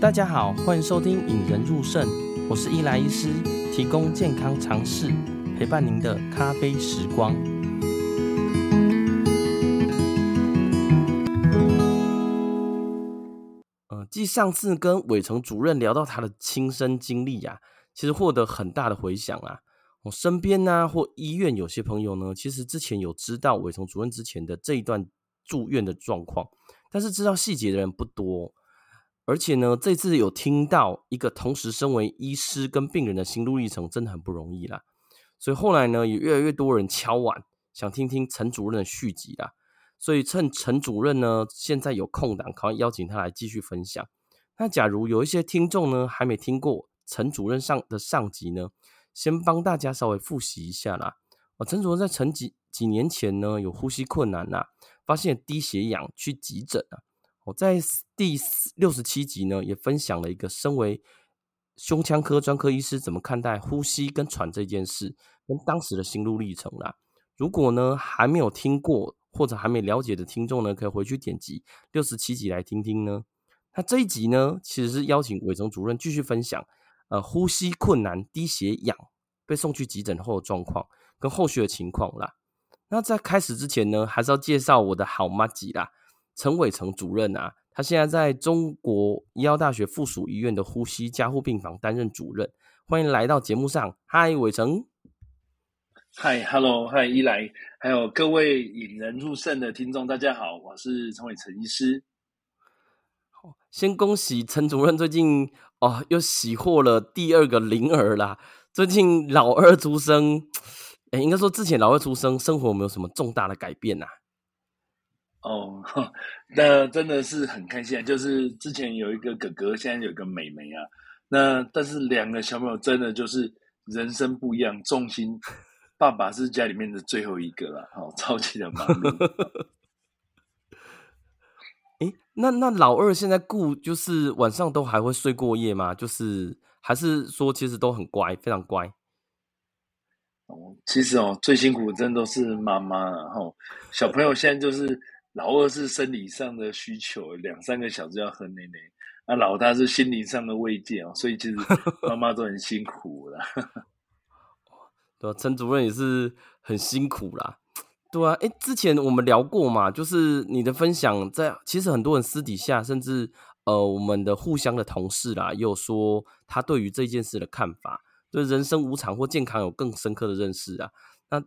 大家好，歡迎收聽《引人入腎》，我是伊萊醫師，提供健康常識，陪伴您的咖啡時光。嗯，繼上次跟韋成主任聊到他的親身經歷呀、啊，其實獲得很大的迴響啊。我身邊呢、啊，或醫院有些朋友呢，其實之前有知道韋成主任之前的這一段住院的狀況，但是知道細節的人不多。而且呢，這次有聽到一個同時身為醫師跟病人的心路歷程，真的很不容易啦。所以後來呢，也越來越多人敲碗，想聽聽陳主任的續集啦。所以趁陳主任呢，現在有空檔，可以邀請他來繼續分享。那假如有一些聽眾呢還沒聽過陳主任上的上集呢，先幫大家稍微複習一下啦。哦，陳主任在陳幾幾年前呢有呼吸困難啦，發現低血氧，去急診啊。我在第六十七集呢，也分享了一個身為胸腔科專科醫師怎麼看待呼吸跟喘這件事，跟當時的心路歷程啦。如果呢還沒有聽過或者還沒了解的聽眾呢，可以回去點擊六十七集來聽聽呢。那這一集呢，其實是邀請韋成主任繼續分享，呃，呼吸困難、低血氧被送去急診後的狀況跟後續的情況啦。那在開始之前呢，還是要介紹我的好麻吉啦。陳偉成主任啊，他現在在中國醫藥大學附屬醫院的呼吸加護病房擔任主任。歡迎來到節目上，嗨，韋成，嗨，Hello，嗨，Eli，還有各位引人入腎的聽眾，大家好，我是陳韋成醫師。先恭喜陳主任最近哦，又喜獲了第二個麟兒啦！最近老二出生，哎，應該說之前老二出生，生活有沒有什麼重大的改變啊？哦，那真的是很開心，啊。就是之前有一個哥哥，現在有一個妹妹啊。那但是兩個小朋友真的就是人生不一樣，重心。爸爸是家裡面的最後一個了，哦，超級的忙碌。哎、 欸，那那老二現在顧，就是晚上都還會睡過夜嗎？就是還是說其實都很乖，非常乖。哦，其實哦，最辛苦的真的都是媽媽，啊，然、哦、後小朋友現在就是。老二是生理上的需求，兩三個小時要喝奶奶，那、啊、老大是心靈上的慰藉，所以其實媽媽都很辛苦啦。 對啊，陳主任也是很辛苦啦。對啊誒，之前我們聊過嘛，就是你的分享在，在其實很多人私底下，甚至呃，我們的互相的同事啦，也有說他對於這件事的看法，對、就是、人生無常或健康有更深刻的認識啊。那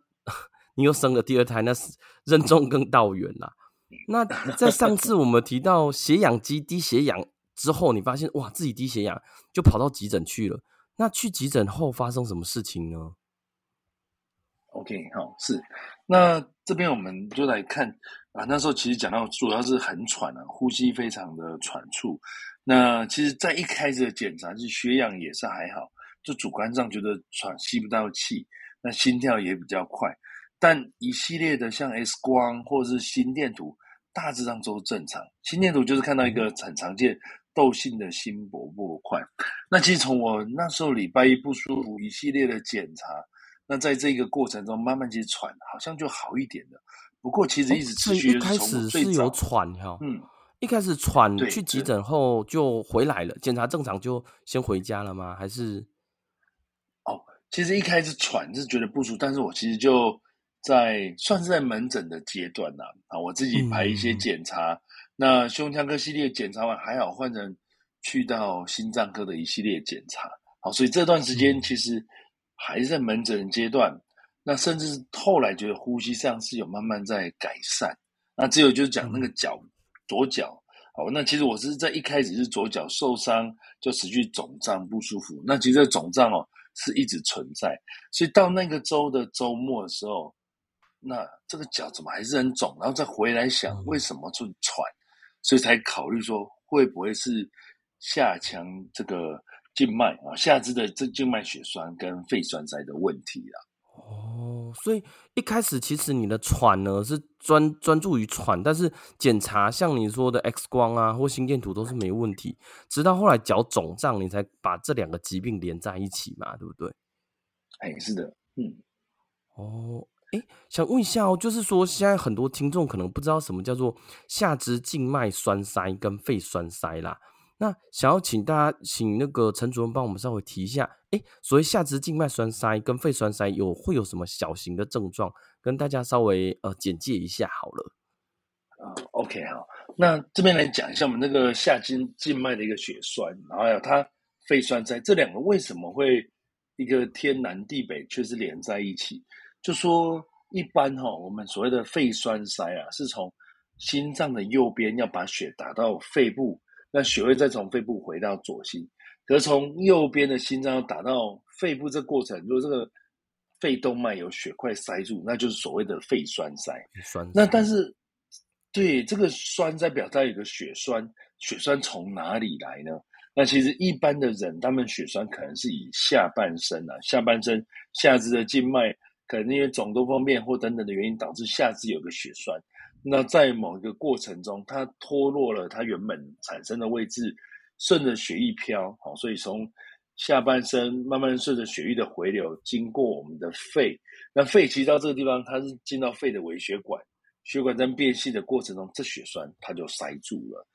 你又生了第二胎，那是任重更道遠啦。 那在上次我們提到血氧機低、血氧之後，你發現哇，自己低血氧就跑到急診去了。那去急診後發生什麼事情呢？OK，好、哦，是那這邊我們就來看啊。那時候其實講到主要是很喘啊，呼吸非常的喘促。那其實，在一開始的檢查，是血氧也是還好，就主觀上覺得喘，吸不到氣。那心跳也比較快，但一系列的像 X 光或者是心電圖。大致上都正常，心電圖就是看到一個很常見竇性的心搏過快。那其實從我那時候禮拜一不舒服，一系列的檢查，那在這個過程中慢慢其實喘好像就好一點了。不過其實一直持續，哦、一開始是有喘哈，哦、嗯，一開始喘去急診後就回來了，檢查正常就先回家了嗎？還是哦，其實一開始喘是覺得不舒服，但是我其實就。在算是在門診的階段吶，啊，我自己排一些檢查，嗯、那胸腔科系列檢查完還好，換成去到心臟科的一系列檢查，好，所以這段時間其實還是在門診階段，嗯、那甚至是後來覺得呼吸上是有慢慢在改善，那只有就是講那個腳，嗯、左腳，好，那其實我是在一開始是左腳受傷就持續腫脹不舒服，那其實這個腫脹哦是一直存在，所以到那個周的周末的時候。那這個腳怎麼還是很腫？然後再回來想，為什麼就喘？嗯，所以才考慮說會不會是下腔這個靜脈啊，下肢的這靜脈血栓跟肺栓塞的問題啊。哦，所以一開始其實你的喘呢是專專注於喘，但是檢查像你說的 X 光啊或心電圖都是沒問題，直到後來腳腫脹，你才把這兩個疾病連在一起嘛，對不對？哎，欸，是的，嗯，哦。哎，想問一下哦，就是說現在很多聽眾可能不知道什麼叫做下肢靜脈栓塞跟肺栓塞啦。那想要請大家，請那個陳主任幫我們稍微提一下，哎，所謂下肢靜脈栓塞跟肺栓塞有會有什麼小型的症狀，跟大家稍微呃簡介一下好了。啊、uh,，OK，好，那這邊來講一下我們那個下肢靜脈的一個血栓，然後有它肺栓塞這兩個為什麼會一個天南地北，卻是連在一起？就說一般哈、哦，我們所謂的肺栓塞啊，是從心臟的右邊要把血打到肺部，那血會再從肺部回到左心。可是從右邊的心臟要打到肺部這過程，如果這個肺動脈有血塊塞住，那就是所謂的肺栓塞。栓塞那但是對這個栓在表達一個血栓，血栓從哪裡來呢？那其實一般的人，他們血栓可能是以下半身啊，下半身下肢的靜脈。可能因為種種方面或等等的原因，導致下肢有個血栓。那在某一個過程中，它脫落了，它原本產生的位置，順着血液飄，好、哦，所以從下半身慢慢順着血液的回流，經過我們的肺。那肺其實到這個地方，它是進到肺的微血管，血管在變細的過程中，這血栓它就塞住了。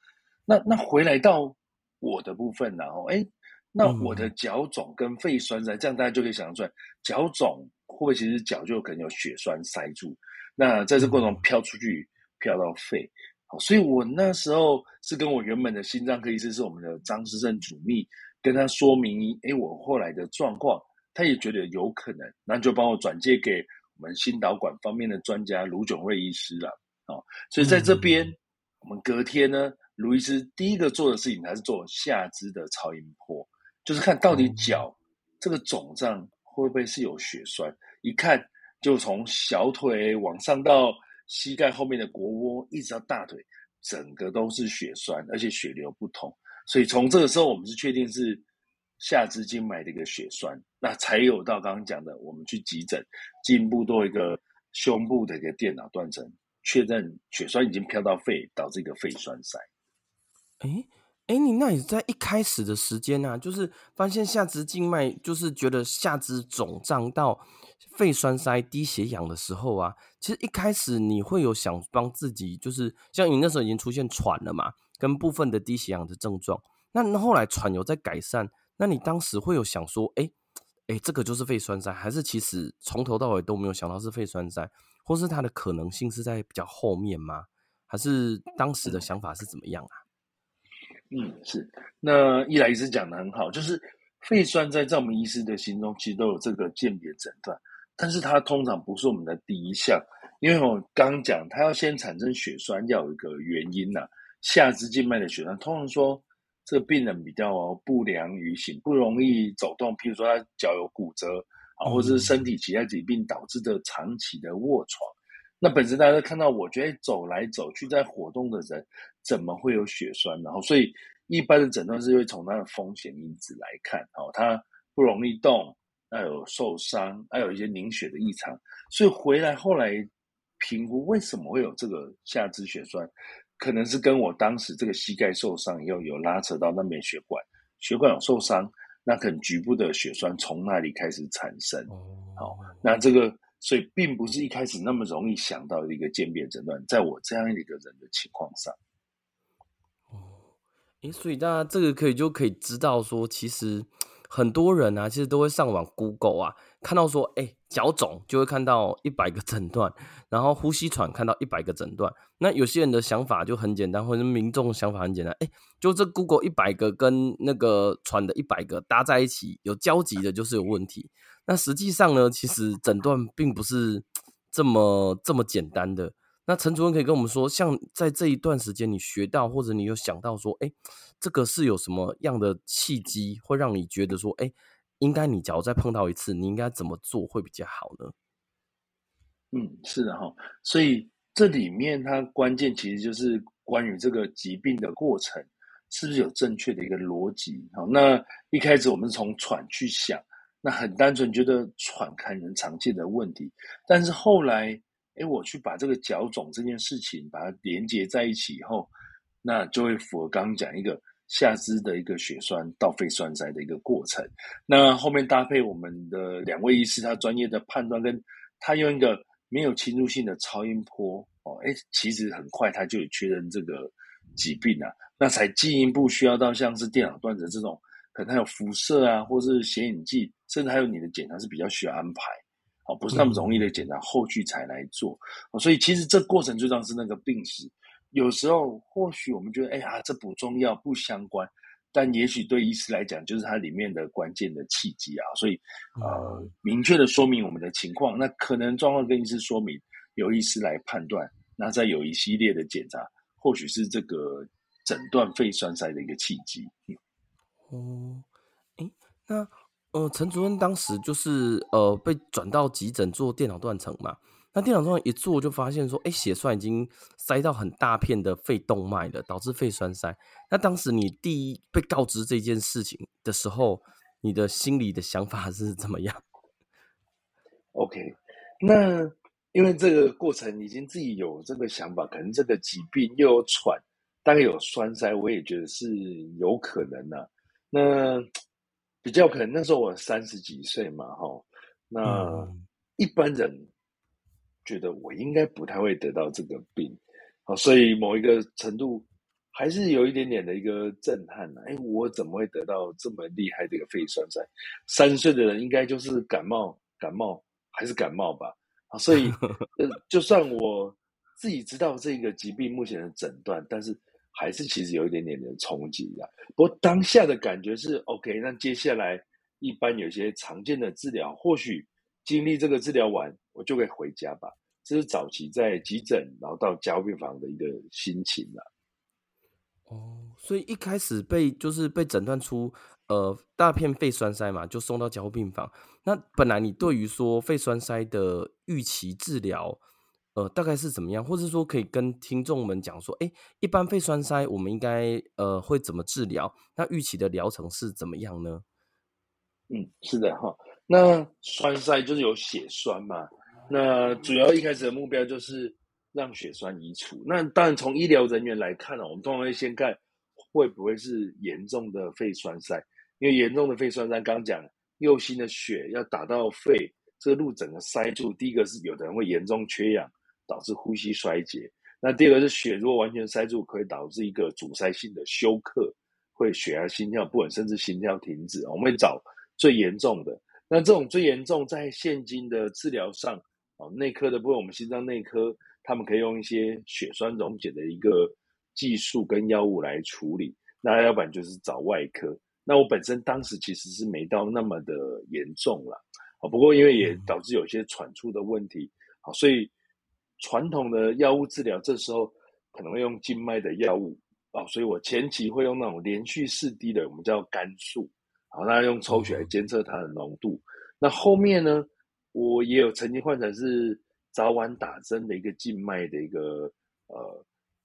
那那回來到我的部分，然後哎，那我的腳腫跟肺栓塞，這樣大家就可以想象出來，腳腫。或者其實腳就可能有血栓塞住？那在這過程飄出去，飄到肺，好，所以我那時候是跟我原本的心臟科醫師是我們的張師生主秘，跟他說明，哎、欸，我後來的狀況，他也覺得有可能，那就幫我轉介給我們心導管方面的專家盧炯瑞醫師了、哦，所以在這邊，嗯、我們隔天呢，盧醫師第一個做的事情還是做下肢的超音波，就是看到底腳這個腫脹。會不會是有血栓？一看就從小腿往上到膝蓋後面的膕窩，一直到大腿，整個都是血栓，而且血流不通。所以從這個時候，我們是確定是下肢靜脈的一個血栓，那才有到剛剛講的，我們去急診進一步做一個胸部的一個電腦斷層，確認血栓已經飄到肺，導致一個肺栓塞。嗯哎，你那也在一開始的時間啊，就是發現下肢靜脈，就是覺得下肢腫脹到肺栓塞低血氧的時候啊，其實一開始你會有想幫自己，就是像你那時候已經出現喘了嘛，跟部分的低血氧的症狀。那那後來喘有在改善，那你當時會有想說，哎哎，這個就是肺栓塞，還是其實從頭到尾都沒有想到是肺栓塞，或是它的可能性是在比較後面嗎？還是當時的想法是怎麼樣啊？嗯，是。那伊萊醫師講的很好，就是肺栓塞在我們醫師的心中其實都有這個鑑別診斷，但是它通常不是我們的第一項，因為我剛講，它要先產生血栓要有一個原因吶、啊。下肢靜脈的血栓通常說，這個病人比較不良於行，不容易走動，譬如說他腳有骨折啊，或者是身體其他疾病導致的長期的臥床。那本身大家都看到，我覺得走來走去在活動的人，怎麼會有血栓？然後，所以一般的診斷是會從他的風險因子來看，哦，他不容易動，還有受傷，還有一些凝血的異常。所以回來後來評估，為什麼會有這個下肢血栓？可能是跟我當時這個膝蓋受傷，又有拉扯到那邊血管，血管有受傷，那可能局部的血栓從那裡開始產生。哦，好，那這個。所以並不是一開始那麼容易想到一個鑑別診斷，在我這樣一個人的情況上、嗯。哦，誒，所以大家這個可以就可以知道說，其實很多人啊，其實都會上網 Google 啊，看到說，哎、欸，腳腫就會看到一百個診斷，然後呼吸喘看到一百個診斷。那有些人的想法就很簡單，或者民眾想法很簡單，哎、欸，就這 Google 一百個跟那個喘的一百個搭在一起有交集的，就是有問題。嗯那實際上呢，其實診斷並不是這麼這麼簡單的。那陳主任可以跟我們說，像在這一段時間，你學到或者你有想到說，哎，這個是有什麼樣的契機，會讓你覺得說，哎，應該你假如再碰到一次，你應該怎麼做會比較好呢？嗯，是的哈，所以這裡面它關鍵其實就是關於這個疾病的過程是不是有正確的一個邏輯。好，那一開始我們是從喘去想。那很單純，覺得喘可能常見的問題，但是後來，誒，我去把這個腳腫這件事情，把它連接在一起以後，那就會符合剛剛講一個下肢的一個血栓到肺栓塞的一個過程。那後面搭配我們的兩位醫師他專業的判斷，跟他用一個沒有侵入性的超音波哦，誒，其實很快他就確認這個疾病啊，那才進一步需要到像是電腦斷層這種，可能他有輻射啊，或是顯影劑。甚至還有你的檢查是比較需要安排，不是那麼容易的檢查，嗯、後續才來做。所以其實這過程就像是那個病史，有時候或許我們覺得，哎呀，這不重要、不相關，但也許對醫師來講，就是它裡面的關鍵的契機啊。所以，呃，嗯、明確的說明我們的情況，那可能狀況跟醫師說明，由醫師來判斷，那再有一系列的檢查，或許是這個診斷肺栓塞的一個契機。哦、嗯，誒、那。啊陳主任當時就是呃被轉到急診做電腦斷層嘛，那電腦斷層一做就發現說，哎、欸，血栓已經塞到很大片的肺動脈了，導致肺栓塞。那當時你第一被告知這件事情的時候，你的心裡的想法是怎麼樣？OK，那因為這個過程已經自己有這個想法，可能這個疾病又有喘，大概有栓塞，我也覺得是有可能的，啊。那。比較可能，那時候我三十幾歲嘛，哈，那一般人覺得我應該不太會得到這個病，所以某一個程度還是有一點點的一個震撼，哎、欸，我怎麼會得到這麼厲害的一個肺栓塞？三十歲的人應該就是感冒，感冒還是感冒吧，啊，所以就算我自己知道這個疾病目前的診斷，但是還是其實有一點點的衝擊的，不過當下的感覺是 OK。那接下來一般有些常見的治療，或許經歷這個治療完，我就可以回家吧。這是早期在急診，然後到加護病房的一個心情了，啊。哦，所以一開始被就是被診斷出呃大片肺栓塞嘛，就送到加護病房。那本來你對於說肺栓塞的預期治療？呃，大概是怎麼樣？或是說可以跟聽眾們講說，哎、欸，一般肺栓塞我們應該呃會怎麼治療？那預期的療程是怎麼樣呢？嗯，是的哈。那栓塞就是有血栓嘛。那主要一開始的目標就是讓血栓移除。那當然從醫療人員來看呢、啊，我們通常會先看會不會是嚴重的肺栓塞，因為嚴重的肺栓塞，剛講右心的血要打到肺，這個、路整個塞住。第一個是有的人會嚴重缺氧。導致呼吸衰竭。那第二個是血，如果完全塞住，可以導致一個阻塞性的休克，會血壓、心跳不穩，甚至心跳停止。哦，我們會找最嚴重的。那這種最嚴重，在現今的治療上，哦，內科的部分，我們心臟內科，他們可以用一些血栓溶解的一個技術跟藥物來處理。那要不然就是找外科。那我本身當時其實是沒到那麼的嚴重了，哦，不過因為也導致有些喘出的問題，好，哦，所以。傳統的藥物治療，這時候可能會用靜脈的藥物啊、哦，所以我前期會用那種連續四滴的，我們叫肝素。好，那用抽血來監測它的濃度。那後面呢，我也有曾經換成是早晚打針的一個靜脈的一個呃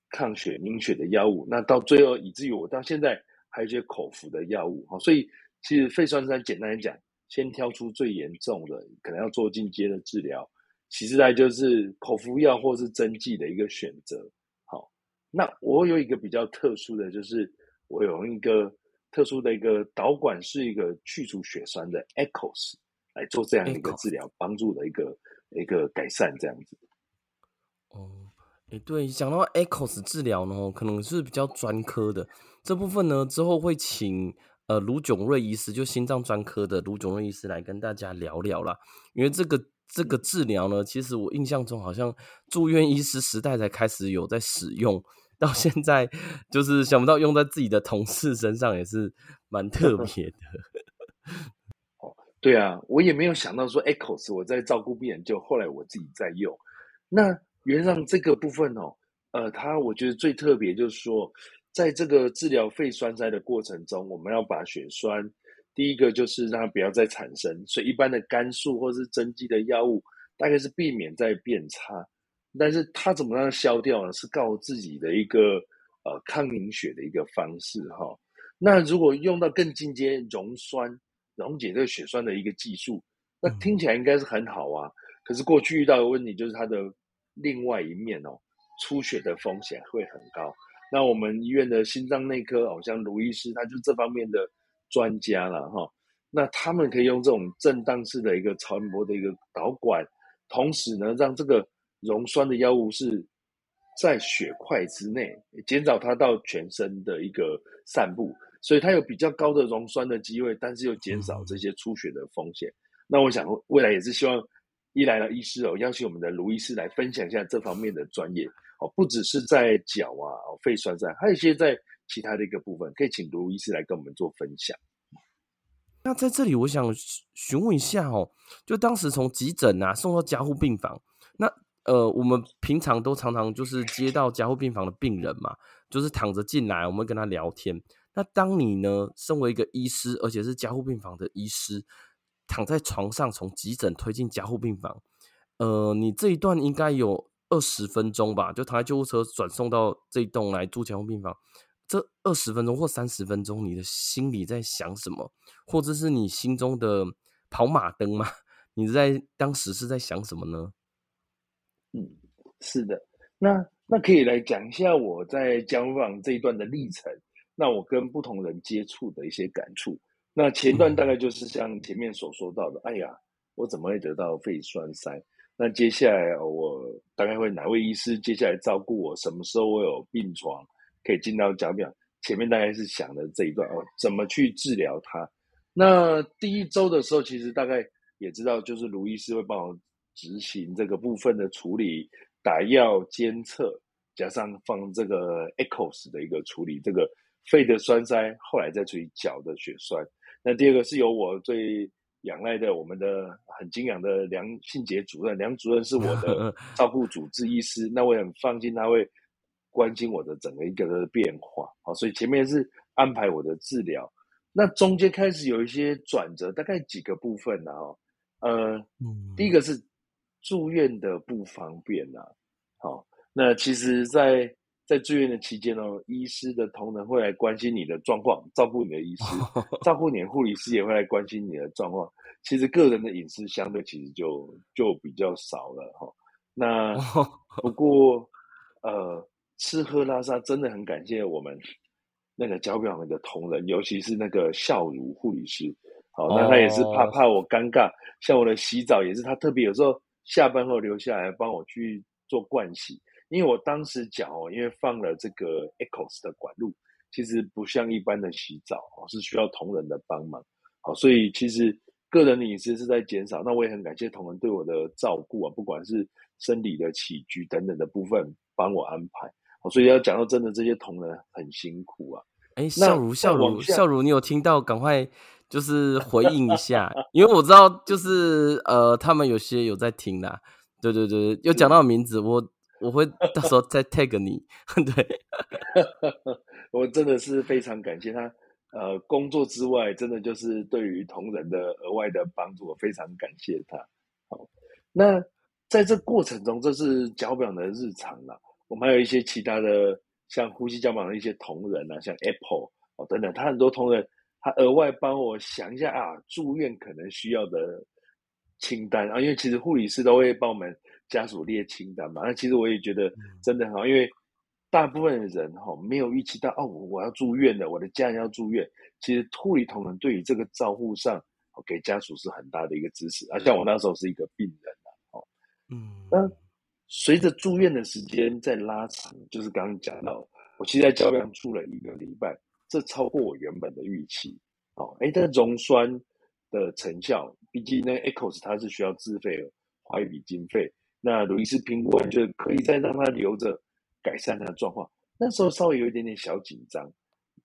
抗血凝血的藥物。那到最後以至於我到現在還有一些口服的藥物。好，哦，所以其實肺栓塞簡單來講，先挑出最嚴重的，可能要做進階的治療。其實呢，就是口服藥或是針劑的一個選擇。好，那我有一個比較特殊的就是，我有一個特殊的一個導管，是一個去除血栓的 Echoes 來做這樣一個治療，幫助的一個一個改善這樣子。哦、嗯，欸、對，講到 Echoes 治療呢，可能是比較專科的。這部分呢，之後會請呃盧炯瑞醫師，就心臟專科的盧炯瑞醫師來跟大家聊聊啦，因為這個。這個治療呢，其實我印象中好像住院醫師時代才開始有在使用，到現在就是想不到用在自己的同事身上也是蠻特別的。 哦，對啊，我也沒有想到說 Echoes 我在照顧病人就後來我自己在用。那原上這個部分哦，呃，它我覺得最特別就是說，在這個治療肺栓塞的過程中，我們要把血栓。第一個就是讓它不要再產生，所以一般的肝素或是針劑的藥物，大概是避免再變差。但是它怎麼讓它消掉呢？是靠自己的一個呃抗凝血的一個方式哈、哦。那如果用到更進階溶栓溶解這個血栓的一個技術，那聽起來應該是很好啊。可是過去遇到的問題就是它的另外一面哦，出血的風險會很高。那我們醫院的心臟內科好像盧醫師，他就這方面的專家了哈，那他們可以用這種震盪式的一個超音波的一個導管，同時呢，讓這個溶栓的藥物是在血塊之內，減少它到全身的一個散布，所以它有比較高的溶栓的機會，但是又減少這些出血的風險。那我想未來也是希望一來了醫師哦，邀請我們的盧醫師來分享一下這方面的專業哦，不只是在腳啊、肺栓塞，還有一些在。其他的一個部分，可以請盧醫師來跟我們做分享。那在這裡，我想詢問一下哦，就當時從急診啊送到加護病房，那呃，我們平常都常常就是接到加護病房的病人嘛， 就是躺着進來，我們跟他聊天。那當你呢，身為一個醫師，而且是加護病房的醫師，躺在床上從急診推進加護病房，呃，你這一段應該有二十分鐘吧？就躺在救護車轉送到這棟來住加護病房。這二十分鐘或三十分鐘，你的心裡在想什麼，或者是你心中的跑馬燈嗎？你在當時是在想什麼呢？嗯，是的，那那可以來講一下我在江往這一段的歷程，那我跟不同人接觸的一些感觸。那前段大概就是像前面所說到的，嗯、哎呀，我怎麼會得到肺栓塞？那接下來我大概會哪位醫師接下來照顧我？什麼時候我有病床？可以進到講講前面大概是想的這一段哦，怎麼去治療它？那第一周的時候，其實大概也知道，就是盧醫師會幫我執行這個部分的處理，打藥監測，加上放這個 echoes 的一個處理，這個肺的栓塞，後來再處理腳的血栓。那第二個是由我最仰賴的，我們的很敬仰的梁信杰主任，梁主任是我的照顧主治醫師， 那我也很放心，他會。關心我的整個一個的變化，好，所以前面是安排我的治療，那中間開始有一些轉折，大概幾個部分呢？呃，嗯、第一個是住院的不方便呐，好，那其實在，在在住院的期間哦，醫師的同仁會來關心你的狀況，照顧你的醫師，照顧你的護理師也會來關心你的狀況，其實個人的隱私相對其實就就比較少了哈。那不過，呃。吃喝拉撒真的很感謝我們那個交表上的同仁，尤其是那個笑容護理師。好、哦，那他也是怕怕我尷尬，哦、像我的洗澡也是他特別有時候下班後留下來幫我去做盥洗，因為我當時講哦，因為放了這個 echoes 的管路，其實不像一般的洗澡哦，是需要同仁的幫忙。好，所以其實個人的隱私是在減少。那我也很感謝同仁對我的照顧啊，不管是生理的起居等等的部分，幫我安排。所以要講到真的，這些同仁很辛苦啊！哎、欸，笑如笑如笑如，如如，你有聽到？趕快就是回應一下， 因為我知道就是呃，他們有些有在聽啦。對對對，又有講到我名字，嗯、我我會到時候再 tag 你。 對，我真的是非常感謝他。呃，工作之外，真的就是對於同仁的額外的幫助，我非常感謝他。好，那在這過程中，這是腳本的日常了。我們還有一些其他的，像呼吸交往的一些同仁啊，像 Apple、哦、等等，他很多同仁，他額外幫我想一下啊，住院可能需要的清單啊，因為其實護理師都會幫我們家屬列清單嘛。那、啊、其實我也覺得真的很好，因為大部分的人哈、哦，沒有預期到哦，我要住院的，我的家人要住院。其實護理同仁對於這個照護上，給家屬是很大的一個支持。啊，像我那時候是一個病人啊，哦，嗯，那。隨着住院的時間在拉長，就是剛剛講到，我其實在交院住了一個禮拜，這超過我原本的預期啊！哎、哦，但溶栓的成效，畢竟那 Echoes 它是需要自費的，花一筆經費。那魯伊斯蘋果，就是可以再讓它留着改善它的狀況。那時候稍微有一點點小緊張，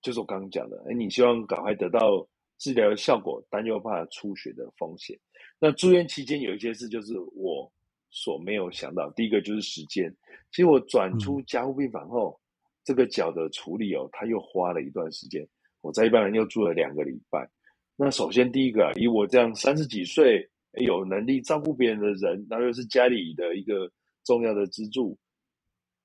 就是我剛剛講的，哎，你希望趕快得到治療的效果，但又怕出血的風險。那住院期間有一些事，就是我。所沒有想到，第一個就是時間。其實我轉出加護病房後，嗯、這個腳的處理哦，他又花了一段時間。我在一般人又住了兩個禮拜。那首先第一個啊，以我這樣三十幾歲有能力照顧別人的人，那又是家裡的一個重要的支柱，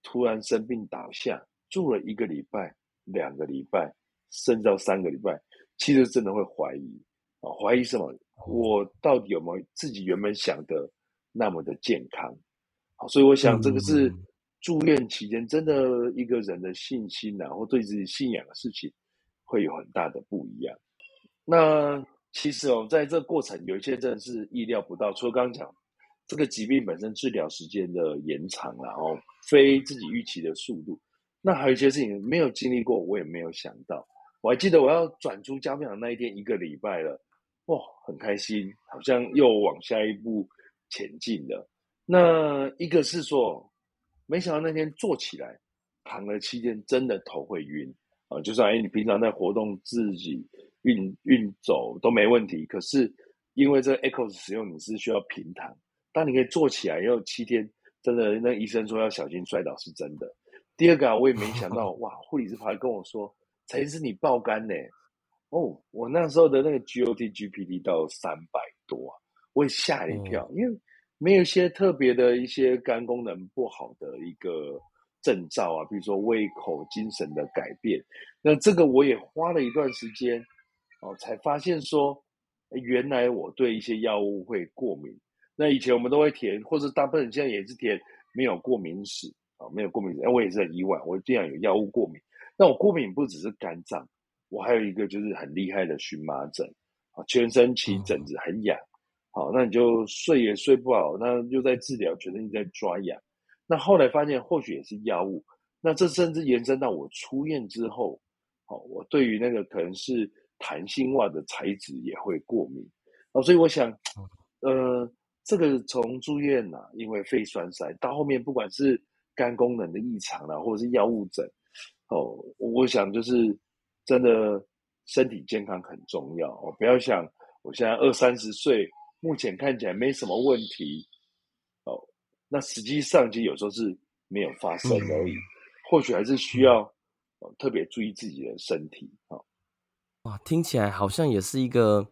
突然生病倒下，住了一個禮拜、兩個禮拜，甚至到三個禮拜，其實真的會懷疑啊，懷疑什麼？我到底有沒有自己原本想的？那麼的健康，好，所以我想這個是住院期間真的一個人的信心，然後對自己信仰的事情會有很大的不一樣。那其實哦，在這個過程有一些真的是意料不到，除了剛講這個疾病本身治療時間的延長，然後非自己預期的速度，那還有一些事情沒有經歷過，我也沒有想到。我還記得我要轉出加密港那一天一個禮拜了，哦，很開心，好像又往下一步。前進的那一個是說，沒想到那天坐起來，躺了七天，真的頭會暈啊！就算哎，你平常在活動自己運運走都沒問題，可是因為這 Echoes 使用，你是需要平躺，但你可以坐起來，也有七天，真的那醫生說要小心摔倒，是真的。第二個，啊、我也沒想到 哇，護理師跑來跟我說：“陳醫師你爆肝呢，欸！”哦，我那時候的那個 GOTGPT 到三百多，啊。會嚇一跳，嗯、因為沒有一些特別的一些肝功能不好的一個症狀啊，比如說胃口、精神的改變。那這個我也花了一段時間哦，才發現說，原來我對一些藥物會過敏。那以前我們都會填，或者大部分人現在也是填沒有過敏史啊、哦，沒有過敏史。我也是很意外，我竟然有藥物過敏。那我過敏不只是肝臟，我還有一個就是很厲害的蕁麻疹，全身起疹子，很癢。嗯好，那你就睡也睡不好，那又在治療，全身在抓癢。那後來發現，或許也是藥物。那這甚至延伸到我出院之後，好、哦，我對於那個可能是彈性襪的材質也會過敏。哦，所以我想，呃，這個從住院吶、啊，因為肺栓塞到後面，不管是肝功能的異常啊，或者是藥物疹，哦，我想就是真的身體健康很重要。哦，不要想我現在二三十歲。目前看起來沒什麼問題，哦，那實際上就有時候是沒有發生而已，或許還是需要，哦、特別注意自己的身體，哦，哇、啊，聽起來好像也是一個，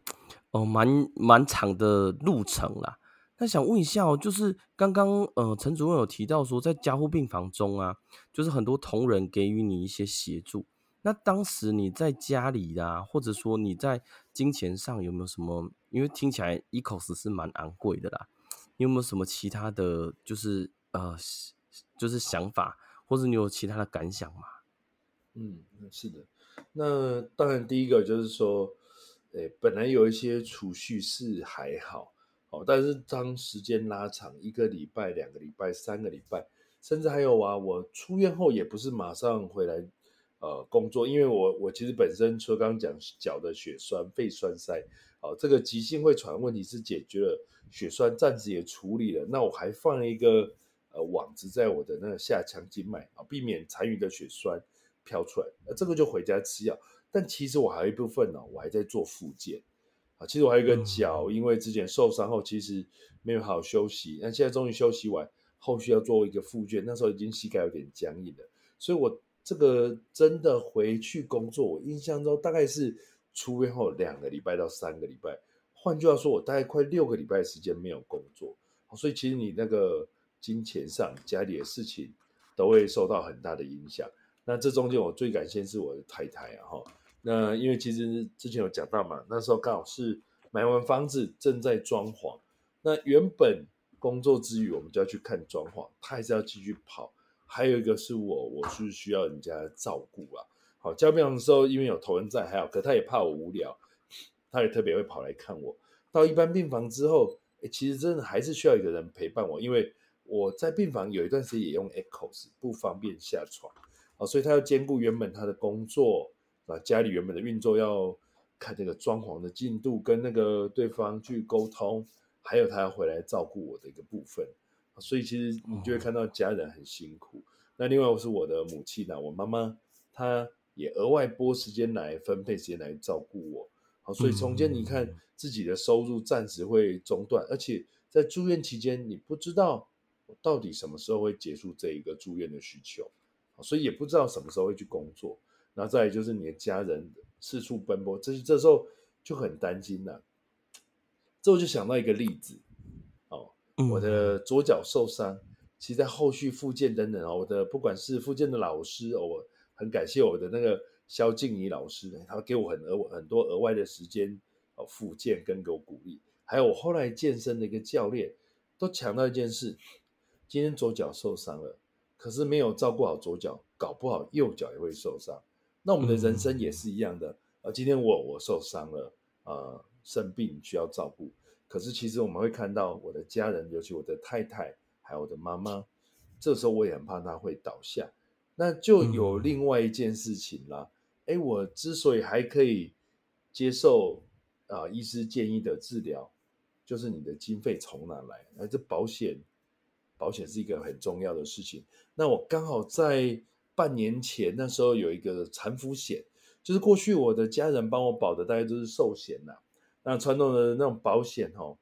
哦、呃，蠻蠻長的路程啦。那想問一下哦、喔，就是剛剛呃，陳主任有提到說，在加護病房中啊，就是很多同仁給予你一些協助，那當時你在家裡啦，或者說你在金錢上有沒有什麼？因為聽起來一口 s 是蠻昂貴的啦，你有沒有什麼其他的就是呃就是想法，或者你有其他的感想嗎？嗯，是的，那當然第一個就是說，誒，本來有一些儲蓄是還好，好，但是當時間拉長，一個禮拜、兩個禮拜、三個禮拜，甚至還有啊，我出院後也不是馬上回來。呃，工作，因為我我其實本身，除了剛剛講腳的血栓、肺栓塞，好、呃，這個急性會喘問題，是解決了，血栓暫時也處理了。那我還放了一個呃網子在我的那個下腔靜脈啊，避免殘餘的血栓飄出來。那、呃、這個就回家吃藥。但其實我還有一部分呢、哦，我還在做復健啊。其實我還有一個腳，嗯、因為之前受傷後，其實沒有好好休息，那現在終於休息完，後續要做一個復健。那時候已經膝蓋有點僵硬了，所以我。這個真的回去工作，我印象中大概是出院後兩個禮拜到三個禮拜。換句話說，我大概快六個禮拜的時間沒有工作，所以其實你那個金錢上、家裡的事情都會受到很大的影響。那這中間我最感謝是我的太太啊，哈。那因為其實之前有講到嘛，那時候剛好是買完房子正在裝潢，那原本工作之餘我們就要去看裝潢，他還是要繼續跑。還有一個是我，我是需要人家照顧啊。好，加病房的時候，因為有同仁在，還好。可他也怕我無聊，他也特別會跑來看我。到一般病房之後，哎、欸，其實真的還是需要一個人陪伴我，因為我在病房有一段時間也用 Echoes，不方便下床啊，哦，所以他要兼顧原本他的工作啊，家裡原本的運作，要看那個裝潢的進度，跟那個對方去溝通，還有他要回來照顧我的一個部分。所以其實你就會看到家人很辛苦。Oh. 那另外我是我的母親呢、啊，我媽媽她也額外撥時間來分配時間來照顧我。好，所以中間你看自己的收入暫時會中斷，而且在住院期間，你不知道我到底什麼時候會結束這一個住院的需求，所以也不知道什麼時候會去工作。那再來就是你的家人四處奔波，這這時候就很擔心了、啊。這我就想到一個例子。我的左腳受傷，其實在後續復健等等啊，我的不管是復健的老師，我很感謝我的那個蕭靜怡老師，他給我很額外很多額外的時間啊復健跟給我鼓勵，還有我後來健身的一個教練，都強調一件事：今天左腳受傷了，可是沒有照顧好左腳，搞不好右腳也會受傷。那我們的人生也是一樣的，啊，今天我我受傷了啊、呃，生病需要照顧。可是，其實我們會看到我的家人，尤其我的太太還有我的媽媽，這時候我也很怕她會倒下。那就有另外一件事情啦。哎、嗯，我之所以還可以接受啊、呃，醫師建議的治療，就是你的經費從哪來？哎，這保險，保險是一個很重要的事情。那我剛好在半年前那時候有一個殘扶險，就是過去我的家人幫我保的，大概都是壽險啦、啊。那傳統的那種保險哦，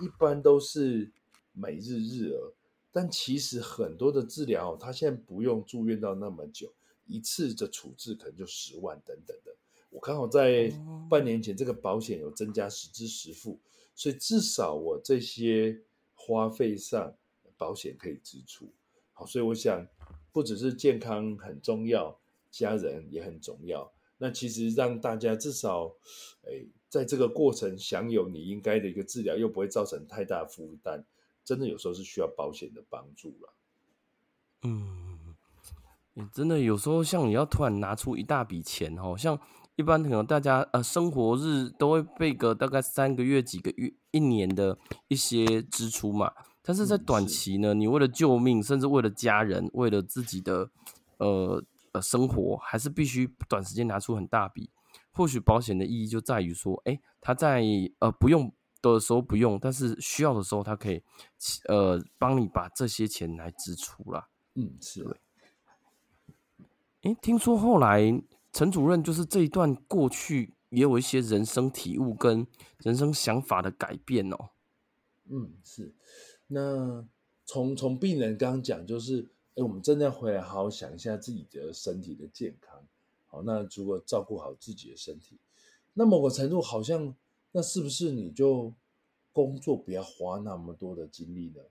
一般都是每日日額，但其實很多的治療，哦，它現在不用住院到那麼久，一次的處置可能就十萬等等的。我剛好在半年前，這個保險有增加實支實付，所以至少我這些花費上，保險可以支出。好，所以我想，不只是健康很重要，家人也很重要。那其實讓大家至少，哎、欸。在這個過程享有你應該的一個治療，又不會造成太大的負擔，真的有時候是需要保險的幫助了。嗯，你真的有時候像你要突然拿出一大筆錢哦，像一般可能大家呃生活日都會備個大概三個月幾個月一年的一些支出嘛，但是在短期呢，嗯，你為了救命，甚至為了家人，為了自己的呃呃生活，還是必須短時間拿出很大筆。或許保險的意義就在於說，哎、欸，他在呃不用的時候不用，但是需要的時候，他可以呃幫你把這些錢來支出了。嗯，是的、啊。哎、欸，聽說後來陳主任就是這一段過去也有一些人生體悟跟人生想法的改變哦、喔。嗯，是。那從從病人剛講，就是、欸，我們真的要回來好好想一下自己的身體的健康。那如果照顧好自己的身體，那某個程度好像，那是不是你就工作不要花那麼多的精力呢？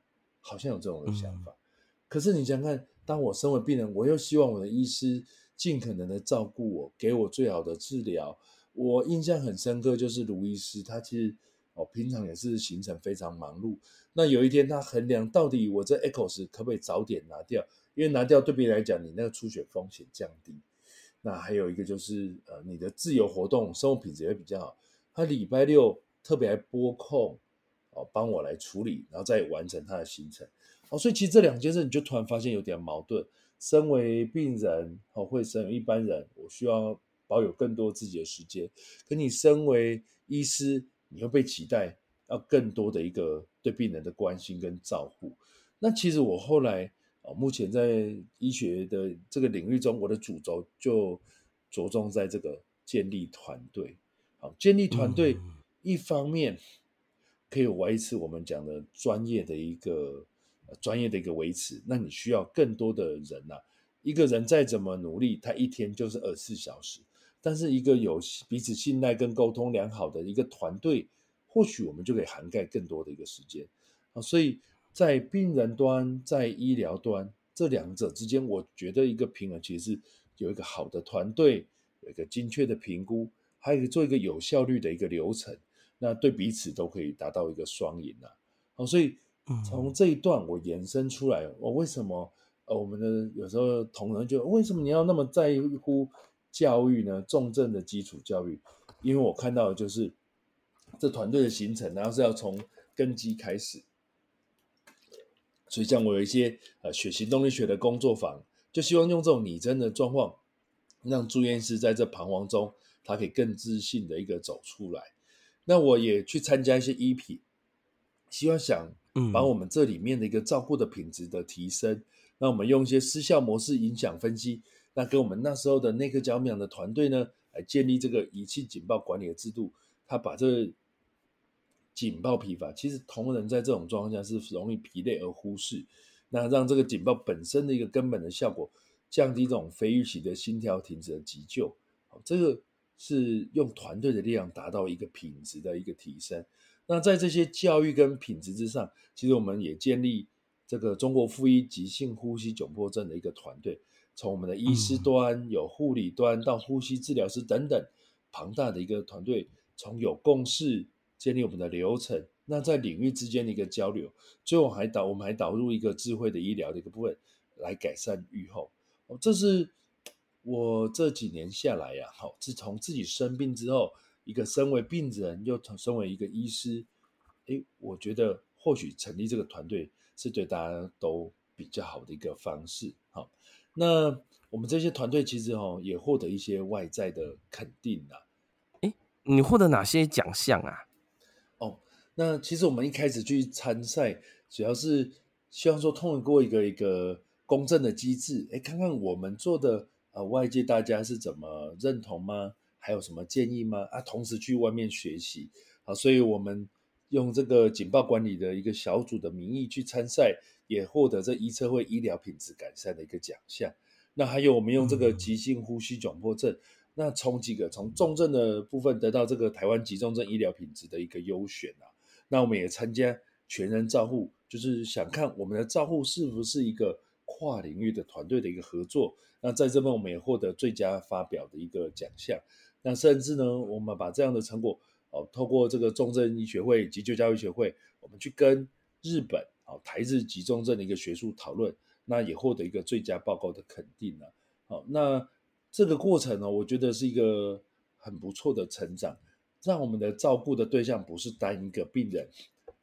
好像有這種的想法。嗯。可是你想看，當我身為病人，我又希望我的醫師盡可能的照顧我，給我最好的治療。我印象很深刻，就是盧醫師，他其實哦，平常也是行程非常忙碌。那有一天，他衡量到底我這 echoes 可不可以早點拿掉，因為拿掉對比來講，你那個出血風險降低。那還有一個就是，呃，你的自由活動、生活品質也會比較好。他禮拜六特別來撥空，哦，幫我來處理，然後再完成他的行程。哦，所以其實這兩件事，你就突然發現有點矛盾。身為病人，哦，會身為一般人，我需要保有更多自己的時間。可你身為醫師，你會被期待要更多的一個對病人的關心跟照顧。那其實我後來。哦，目前在醫學的這個領域中，我的主軸就着重在這個建立團隊。好，建立團隊一方面可以維持我們講的專業的一個專業的一個維持。那你需要更多的人吶、啊，一個人再怎麼努力，他一天就是二十四小時。但是一個有彼此信賴跟溝通良好的一個團隊，或許我們就可以涵蓋更多的一個時間。好，所以。在病人端，在醫療端，這兩者之間，我覺得一個平衡其實是有一個好的團隊，有一個精確的評估，還有做一個有效率的一個流程，那對彼此都可以達到一個雙贏啊！哦，所以從這一段我延伸出來，我、哦、為什麼呃、哦、我們的有時候同仁就為什麼你要那麼在乎教育呢？重症的基礎教育，因為我看到的就是這團隊的形成，然後是要從根基開始。所以像我有一些呃血行動力學的工作坊，就希望用這種擬真的狀況，讓住院師在這彷徨中，他可以更自信的一個走出來。那我也去參加一些醫品，希望想把我們這裡面的一個照顧的品質的提升，嗯、那我們用一些失效模式影響分析，那跟我們那時候的內科角秒的團隊呢，來建立這個儀器警報管理的制度，他把這個，警報疲乏，其實同仁在這種狀況下是容易疲累而忽視，那讓這個警報本身的一個根本的效果降低，這種非預期的心跳停止的急救，這個是用團隊的力量達到一個品質的一個提升。那在這些教育跟品質之上，其實我們也建立這個中國附醫急性呼吸窘迫症的一個團隊，從我們的醫師端有護理端到呼吸治療師等等龐大的一個團隊，從有共識，建立我們的流程，那在領域之間的一個交流，最後還導我們還導入一個智慧的醫療的一個部分來改善預後。哦，這是我這幾年下來呀，好，自從自己生病之後，一個身為病人又從身為一個醫師，誒、欸，我覺得或許成立這個團隊是對大家都比較好的一個方式。好，那我們這些團隊其實哦也獲得一些外在的肯定啊。誒、欸，你獲得哪些獎項啊？那其實我們一開始去參賽，主要是希望說通過一個一個公正的機制，哎，看看我們做的啊、呃，外界大家是怎麼認同嗎？還有什麼建議嗎？啊，同時去外面學習啊，所以我們用這個警報管理的一個小組的名義去參賽，也獲得醫策會醫療品質改善的一個獎項。那還有我們用這個急性呼吸窘迫症，那從幾個從重症的部分得到這個台灣急重症醫療品質的一個優選啊。那我們也參加全人照護，就是想看我們的照護是不是一個跨領域的團隊的一個合作。那在這邊我們也獲得最佳發表的一個獎項。那甚至呢，我們把這樣的成果哦，透過這個重症醫學會、急救教育學會，我們去跟日本哦，台日急重症的一個學術討論，那也獲得一個最佳報告的肯定了、啊。好、哦，那這個過程呢，我覺得是一個很不錯的成長。讓我們的照顧的對象不是單一個病人，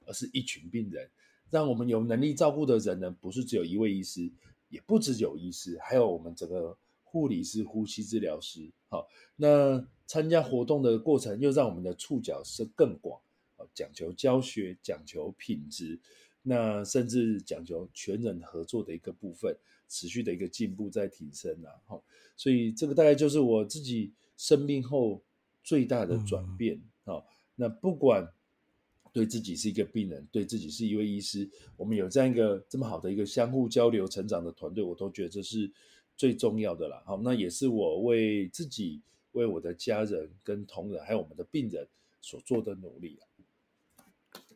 而是一群病人。讓我們有能力照顧的人呢，不是只有一位醫師，也不只有醫師，還有我們整個護理師、呼吸治療師。好、哦，那參加活動的過程又讓我們的觸角是更廣。哦，講求教學，講求品質，那甚至講求全人合作的一個部分，持續的一個進步在提升、啊哦、所以這個大概就是我自己生病後。最大的轉變、嗯哦，那不管對自己是一個病人，對自己是一位醫師，我們有這樣一個這麼好的一個相互交流、成長的團隊，我都覺得這是最重要的了。好、哦，那也是我為自己、為我的家人、跟同仁，還有我們的病人所做的努力、啊、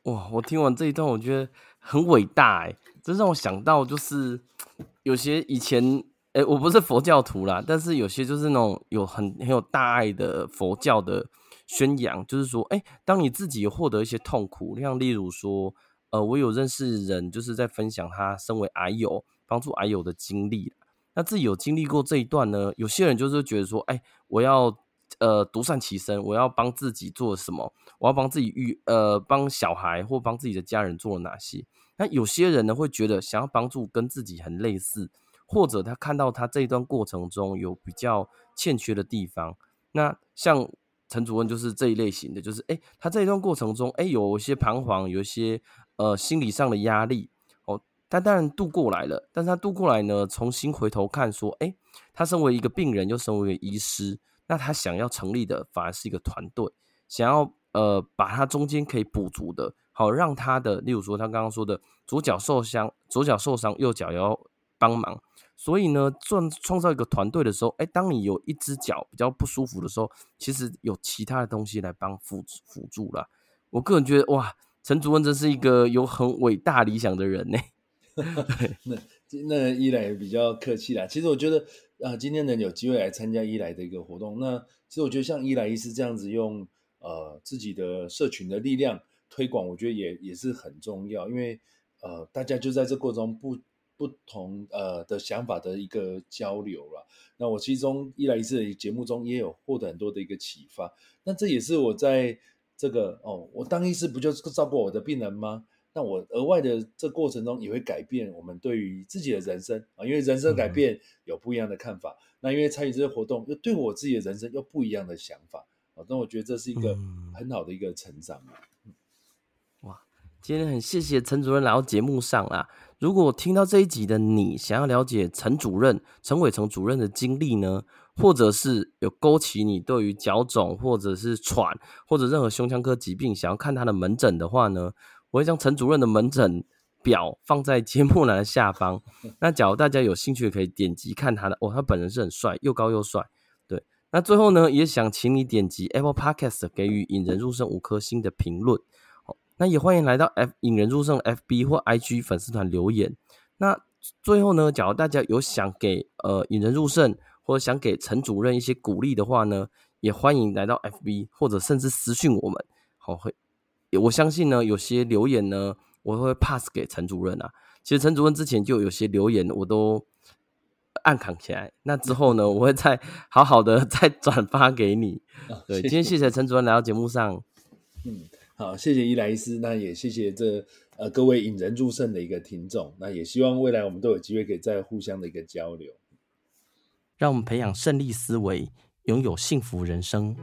哇，我聽完這一段，我覺得很偉大哎、欸，這讓我想到就是有些以前。哎，我不是佛教徒啦，但是有些就是那種有很很有大愛的佛教的宣揚，就是說，哎，當你自己獲得一些痛苦，像例如說，呃，我有認識人就是在分享他身為癌友幫助癌友的經歷，那自己有經歷過這一段呢，有些人就是覺得說，哎，我要呃獨善其身，我要幫自己做什麼，我要幫自己遇呃幫小孩或幫自己的家人做了哪些，那有些人呢會覺得想要幫助跟自己很類似。或者他看到他這一段過程中有比較欠缺的地方，那像陳主任就是這一類型的，就是哎、欸，他這一段過程中哎、欸、有一些彷徨，有一些呃心理上的壓力哦，他當然度過來了，但是他度過來呢，重新回頭看說，哎、欸，他身為一個病人，又身為一個醫師，那他想要成立的反而是一個團隊，想要呃把他中間可以補足的，好讓他的，例如說他剛剛說的左腳受傷，左腳受傷，右腳要幫忙。所以呢，創創造一個團隊的時候，哎，當你有一隻腳比較不舒服的時候，其實有其他的東西來幫輔助輔助了。我個人覺得，哇，陳主任真是一個有很偉大理想的人呢呵 對。那那伊萊比較客氣啦，其實我覺得啊、呃，今天能有機會來參加伊萊的一個活動，那其實我覺得像伊萊醫師這樣子用呃自己的社群的力量推廣，我覺得也也是很重要，因為呃大家就在這過程中不不同呃、的想法的一個交流了，那我其中一來一去的節目中也有獲得很多的一個啟發，那這也是我在這個哦，我當醫師不就是照顧我的病人嗎？那我額外的這過程中也會改變我們對於自己的人生啊，因為人生改變有不一樣的看法，嗯，那因為參與這些活動又對我自己的人生又不一樣的想法，啊，那我覺得這是一個很好的一個成長嘛。嗯今天很謝謝陳主任來到節目上啦，啊。如果聽到這一集的你想要了解陳主任，陳韋成主任的經歷呢，或者是有勾起你對於腳腫或者是喘或者任何胸腔科疾病想要看他的門診的話呢，我會將陳主任的門診表放在節目欄的下方。 那假如大家有興趣，可以點擊看他的。哦，他本人是很帥，又高又帥。對，那最後呢，也想請你點擊 Apple Podcast 給予引人入腎五顆星的評論。那也歡迎來到 F 引人入腎 FB 或 IG 粉絲團留言。那最後呢，假如大家有想給呃引人入腎，或者想給陳主任一些鼓勵的話呢，也歡迎來到 FB 或者甚至私訊我們。好，會我相信呢，有些留言呢，我會 pass 給陳主任啊。其實陳主任之前就有些留言，我都暗槓起來。那之後呢，我會再好好的再轉發給你。哦、對，謝謝今天謝謝陳主任來到節目上。嗯。好，謝謝伊萊斯，那也謝謝這呃各位引人入腎的一個聽眾，那也希望未來我們都有機會可以再互相的一個交流，讓我們培養腎利思維，擁有幸福人生。